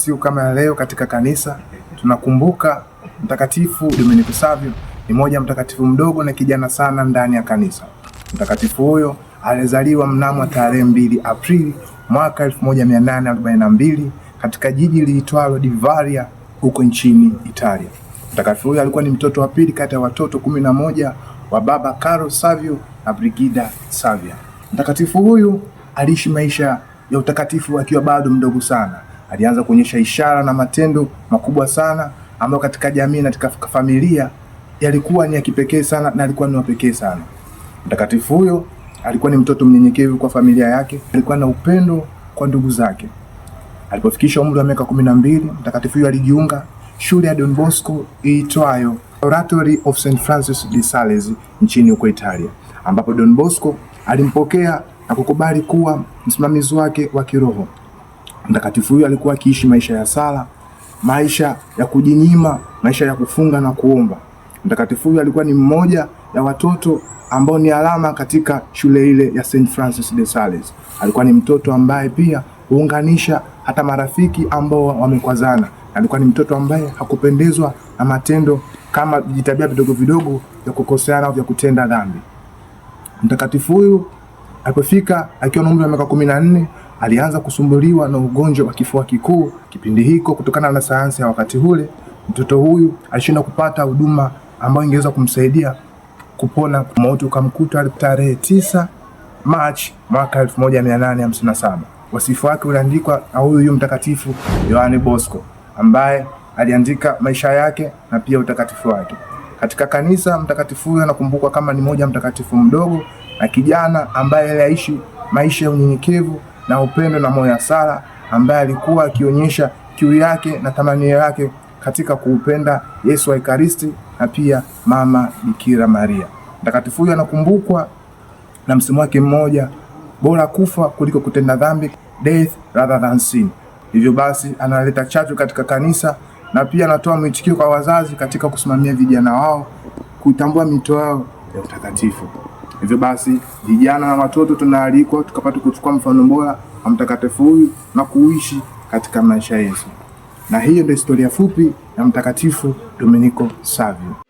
Siku kama ya leo katika kanisa tunakumbuka Mtakatifu Dominiko Savio. Ni mmoja mtakatifu mdogo na kijana sana ndani ya kanisa. Mtakatifu huyo alizaliwa mnamo tarehe mbili Aprili mwaka 1842 katika jiji liitwalo Divaria huko nchini Italia. Mtakatifu huyo alikuwa ni mtoto wa pili kati ya watoto kumi na moja wa baba Carlo Savio na Brigida Savia. Mtakatifu huyu aliishi maisha ya utakatifu akiwa bado mdogo sana alianza kuonyesha ishara na matendo makubwa sana ambayo katika jamii na katika familia yalikuwa ni ya kipekee sana na alikuwa ni wa pekee sana. Mtakatifu huyo alikuwa ni mtoto mnyenyekevu kwa familia yake, alikuwa na upendo kwa ndugu zake. Alipofikisha umri wa miaka kumi na mbili, mtakatifu huyo alijiunga shule ya Don Bosco iitwayo Oratory of St Francis de Sales nchini huko Italia, ambapo Don Bosco alimpokea na kukubali kuwa msimamizi wake wa kiroho. Mtakatifu huyu alikuwa akiishi maisha ya sala, maisha ya kujinyima, maisha ya kufunga na kuomba. Mtakatifu huyu alikuwa ni mmoja ya watoto ambao ni alama katika shule ile ya St Francis de Sales. Alikuwa ni mtoto ambaye pia huunganisha hata marafiki ambao wamekwazana. Alikuwa ni mtoto ambaye hakupendezwa na matendo kama vijitabia vidogo vidogo vya kukoseana au vya kutenda dhambi. Mtakatifu huyu alipofika akiwa na umri wa miaka kumi na nne alianza kusumbuliwa na ugonjwa wa kifua kikuu kipindi hiko. Kutokana na sayansi ya wakati ule, mtoto huyu alishindwa kupata huduma ambayo ingeweza kumsaidia kupona. Mauti ukamkuta tarehe tisa Machi mwaka 1857. Wasifu wake uliandikwa na huyu huyu mtakatifu Yohane Bosco ambaye aliandika maisha yake na pia utakatifu wake. Katika kanisa, mtakatifu huyo anakumbukwa kama ni moja mtakatifu mdogo na kijana ambaye aliishi maisha ya unyenyekevu na upendo na moyo sala, ambaye alikuwa akionyesha kiu yake na tamanio yake katika kuupenda Yesu wa Ekaristi na pia mama Bikira Maria. Mtakatifu huyu anakumbukwa na msemo wake mmoja, bora kufa kuliko kutenda dhambi, death rather than sin. Hivyo basi analeta chachu katika kanisa na pia anatoa mwitikio kwa wazazi katika kusimamia vijana wao kutambua mito yao ya utakatifu. Hivyo basi vijana na watoto tunaalikwa tukapata kuchukua mfano bora wa mtakatifu huyu na kuishi katika maisha yetu. Na hiyo ndio historia fupi ya Mtakatifu Dominiko Savio.